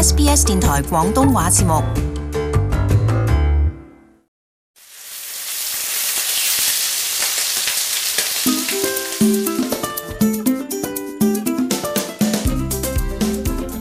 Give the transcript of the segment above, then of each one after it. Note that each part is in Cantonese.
SBS 電台廣東話節目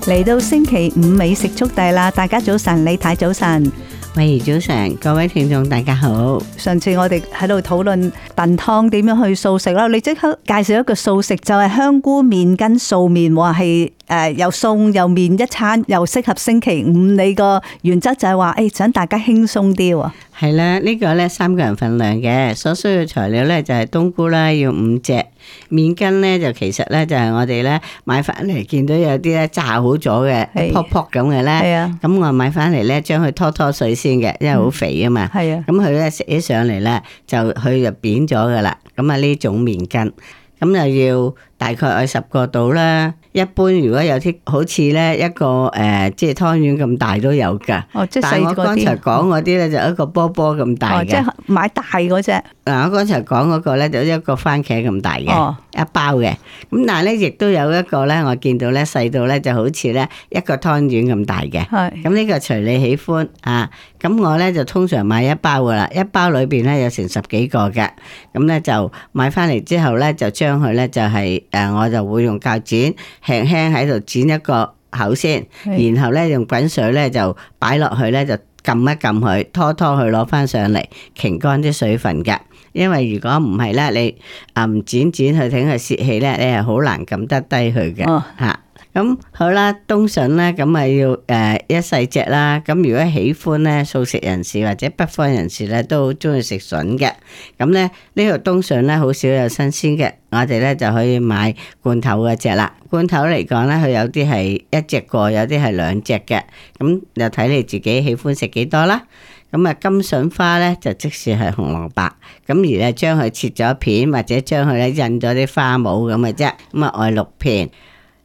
嚟到星期五美食速遞啦！大家早晨，李太早晨，喂，早晨，各位聽眾大家好。上次我哋喺度討論燉湯點樣去素食啦，你即刻介紹一個素食，就係香菇麵跟素麵話係。誒、呃、又餸又麵一餐又適合星期五，你個原則就係、是、話，誒、哎、想大家輕鬆啲喎、哦。係啦，呢、這個咧三個人份量嘅，所需要材料咧就係冬菇啦，要五隻麵筋咧就其實咧就係我哋咧買翻嚟見到有啲咧炸好咗嘅，撲撲咁嘅咧。係啊，咁的我買翻嚟咧，將佢拖拖水先嘅，因為好肥啊嘛。係啊的，咁佢咧食起上嚟咧就佢就扁咗㗎喇。咁啊呢種麵筋咁又要。大概有十個到啦，一般如果有啲好似咧一個誒、呃，即係湯圓咁大都有噶。哦、即但係我剛才講嗰啲咧就一個波波咁大嘅。哦，即係買大嗰隻。嗱、嗯，我剛才講嗰個咧就一個番茄咁大嘅，哦、一包嘅。咁但係咧亦都有一個咧，我見到咧細到咧就好似咧一個湯圓咁大嘅。係是。咁呢個隨你喜歡啊！咁我咧就通常買一包噶啦，一包裏邊咧有成十幾個嘅。咁咧就買翻嚟之後咧就將佢咧就係、是。誒，我就會用鉸剪輕輕喺度剪一個口先，是然後咧用滾水咧就擺落去咧就撳一撳佢，拖拖佢攞翻上嚟，擎乾啲水分㗎。因為如果唔係咧，你啊唔剪剪去，整佢泄氣咧，你係好難撳得低佢嘅吓。哦啊咁好啦，冬筍咧，咁啊要誒、呃、一細隻啦。咁如果喜歡咧，素食人士或者北方人士咧，都好中意食筍嘅。咁咧呢、這個冬筍咧，好少有新鮮嘅，我哋咧就可以買罐頭嗰隻啦。罐頭嚟講咧，佢有啲係一隻個，有啲係兩隻嘅。咁又睇你自己喜歡食幾多啦。咁啊，金筍花咧就即使係紅蘿蔔，咁而咧將佢切咗片或者將佢咧印咗啲花帽咁嘅啫。咁啊，外六片。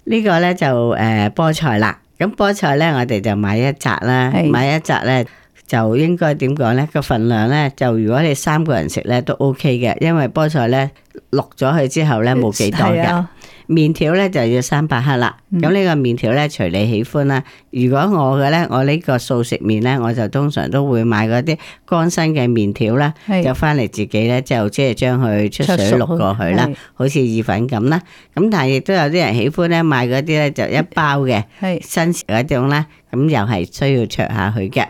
呢個呢就誒菠菜啦，咁菠菜呢，我哋就買一扎啦，是買一扎呢，就應該點講呢？個份量呢，就如果你三個人食呢，都 OK 嘅，因為菠菜呢，落咗去之後呢，冇幾多㗎。麵條咧就要三百克啦，咁呢個麵條咧隨你喜歡啦。如果我嘅咧，我呢個素食麵咧，我就通常都會買嗰啲乾身嘅麵條啦是，就翻嚟自己咧就即係將佢出水淥過去啦，好似意粉咁啦。咁但係亦都有啲人喜歡咧買嗰啲咧就一包嘅新鮮嗰種啦，咁又係需要焯下去嘅。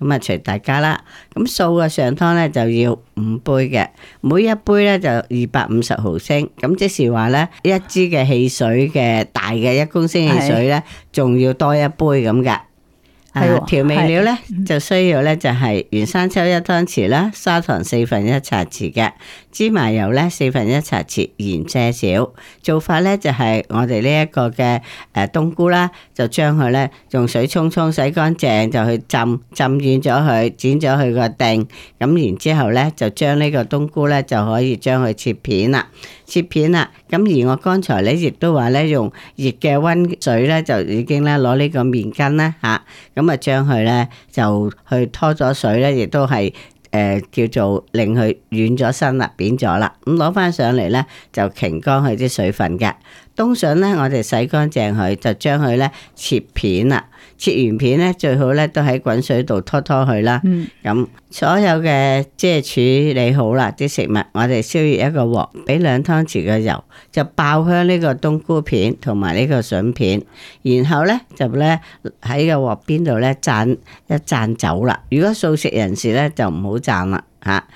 咁啊，隨大家啦。咁素嘅上湯咧就要五杯嘅，每一杯咧就二百五十毫升。咁即是話咧，一支嘅汽水嘅大嘅一公升汽水咧，仲唉要多一杯咁嘅。啊，調味料咧的就需要咧就係原生抽一湯匙啦， 砂糖四分一茶匙嘅，芝麻油咧四分一茶匙，鹽少少。做法咧就係、是、我哋呢一個嘅誒冬菇啦，就將佢咧用水沖沖洗乾淨，就去浸浸軟咗佢，剪咗佢個定咁，然之後咧就將呢個冬菇咧就可以將佢切片啦，切片啦。咁而我剛才咧亦都話咧用熱嘅溫水咧就已經咧攞呢個面巾咧吓，咁啊將佢咧就去拖咗水咧，亦都係誒、呃、叫做令佢軟咗身啦、扁咗啦，咁攞翻上嚟咧就擰乾佢啲水分嘅。冬筍咧，我哋洗乾淨佢，就將佢咧切片啦。切完片咧，最好咧都喺滾水度拖拖佢啦。咁、嗯、所有嘅即係處理好啦啲食物，我哋燒熱一個鑊，俾兩湯匙嘅油，就爆香呢個冬菇片同埋呢個筍片，然後咧就咧喺個鑊邊度咧蘸一蘸酒啦。如果素食人士咧就唔好蘸啦嚇。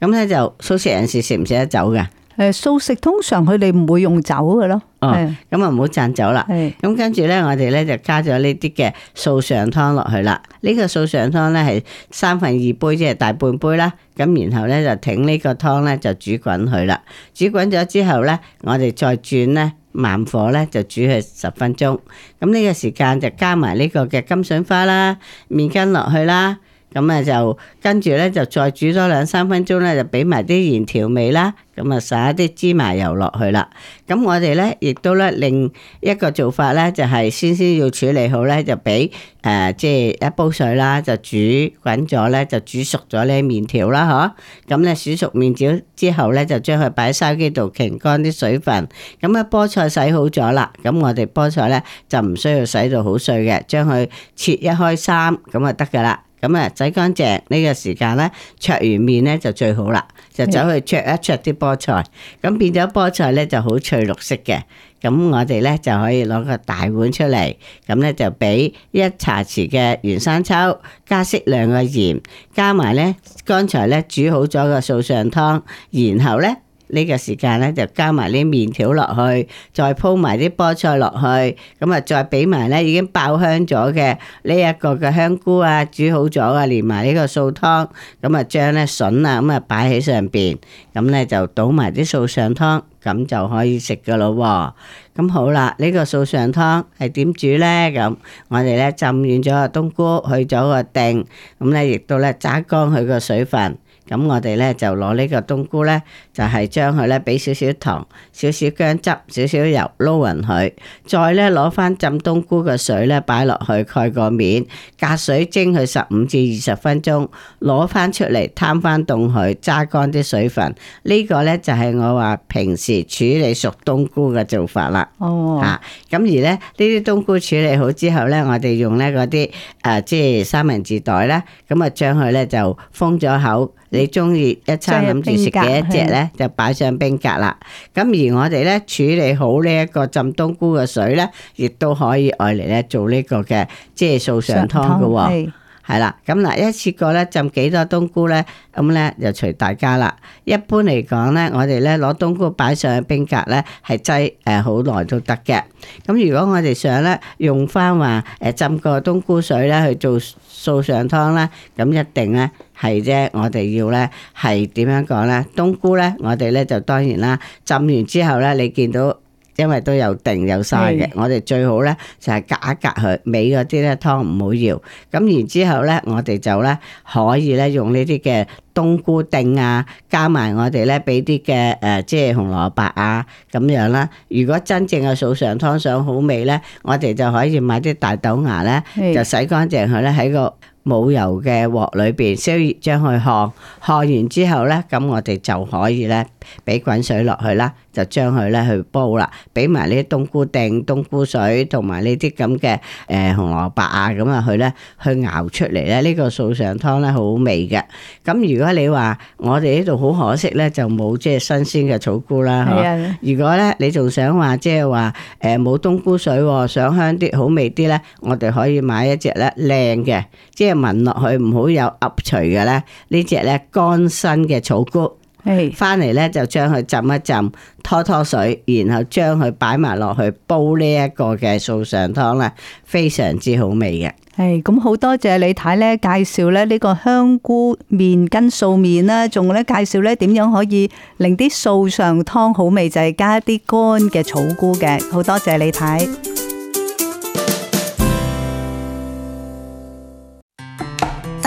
咁、啊、咧就素食人士食唔食得酒嘅？素食通常佢哋唔會用酒嘅咯，哦，咁啊唔好讚酒啦，咁跟住呢，我哋呢就加咗呢啲嘅素上湯落去啦。呢個素上湯呢係三分二杯，即係大半杯啦。咁然後呢，就挺呢個湯呢就煮滾佢啦。煮滾咗之後呢，我哋再轉呢慢火呢就煮佢十分鐘。咁呢個時間就加埋呢個嘅金筍花啦、麵筋落去啦。咁啊，就跟住咧就再煮多兩三分鐘咧，就俾埋啲鹽調味啦。咁啊，撒一啲芝麻油落去啦。咁我哋咧亦都咧另一個做法咧，就係、是、先先要處理好咧，就俾誒、呃、即係一煲水啦，就煮滾咗咧，就煮熟咗呢麵條啦。嗬、啊，咁咧煮熟麵條之後咧，就將佢擺喺筲箕度，傾乾啲水分。咁啊，菠菜洗好咗啦。咁我哋菠菜咧就唔需要洗到好碎嘅，將佢切一開三咁就得噶啦。咁啊，洗乾淨呢個時間呢，焯完麵呢就最好啦，就走去焯一焯啲菠菜，咁變咗菠菜呢就好翠綠色嘅，咁我哋呢就可以攞個大碗出嚟，咁呢就俾一茶匙嘅原生抽，加適量嘅鹽，加埋呢剛才呢煮好咗個素上湯，然後呢。呢個時間咧，就加埋啲麵條落去，再鋪埋啲菠菜落去，咁啊再俾埋咧已經爆香咗嘅呢一個嘅香菇啊，煮好咗啊，連埋呢個素湯，咁啊將咧筍啊咁啊擺喺上邊，咁咧就倒埋啲素上湯，咁就可以食噶咯喎。咁好啦，呢個素上湯係點煮呢？咁我哋咧浸軟咗個冬菇，去咗個釘，咁咧亦都咧揸乾佢個水分。咁我哋咧就攞呢個冬菇咧，就係將佢咧俾少少糖、少少薑汁、少少油撈勻佢，再咧攞翻浸冬菇嘅水咧擺落去蓋個面，隔水蒸佢十五至二十分鐘，攞翻出嚟攤翻凍佢，揸乾啲水分。呢、這個咧就係我話平時處理熟冬菇嘅做法啦。哦、oh. 啊。吓，咁而咧呢啲冬菇處理好之後咧，我哋用咧嗰啲誒即係三文治袋咧，咁啊將佢咧就封咗口。你中意一餐諗住食幾多隻咧，就擺上冰格啦。咁是而我哋咧處理好呢一個浸冬菇嘅水咧，亦都可以愛嚟咧做呢、這個嘅即係素上湯噶。係啦，咁嗱，一次過咧浸幾多冬菇咧，咁咧就隨大家啦。一般嚟講咧，我哋咧攞冬菇擺上去冰格咧，係擠誒好耐都得嘅。咁如果我哋想咧用翻話誒浸個冬菇水咧去做素上湯咧，咁一定咧係啫，我哋要咧係點樣講咧？冬菇咧，我哋咧就當然啦，浸完之後咧，你見到。因為都有定有晒嘅，的我哋最好咧就係、是、隔一隔佢尾嗰啲咧湯唔好要，咁然之後咧我哋就咧可以咧用呢啲嘅冬菇丁啊，加埋我哋咧俾啲嘅誒即係紅蘿蔔啊咁樣啦。如果真正嘅素上湯想好味咧，我哋就可以買啲大豆芽咧，的就洗乾淨佢咧喺個。冇油嘅鑊裏邊，燒熱將佢燙，燙完之後呢，咁我哋就可以呢，俾滾水落去啦，就將佢呢去煲啦，俾埋啲冬菇丁冬菇水同埋呢啲咁嘅誒紅蘿蔔啊，咁啊去呢去熬出嚟呢。呢、這個素上湯呢，好味嘅。咁如果你話我哋呢度好可惜呢，就冇即係新鮮嘅草菇啦。的如果呢，你仲想話即係話誒冇冬菇水，想香啲好味啲呢，我哋可以買一隻呢靚嘅，即係。聞落去唔好有噏除嘅咧，呢隻咧乾身嘅草菇，係翻嚟咧，就將佢浸一浸，拖拖水，然後將佢擺埋落去煲呢一個嘅素上湯啦，非常之好味嘅。係咁，好多謝李太咧，介紹咧，呢個香菇麵跟素麵啦，仲咧，介紹咧，點樣可以令啲素上湯好味，就係加一啲乾嘅草菇嘅。好多謝李太。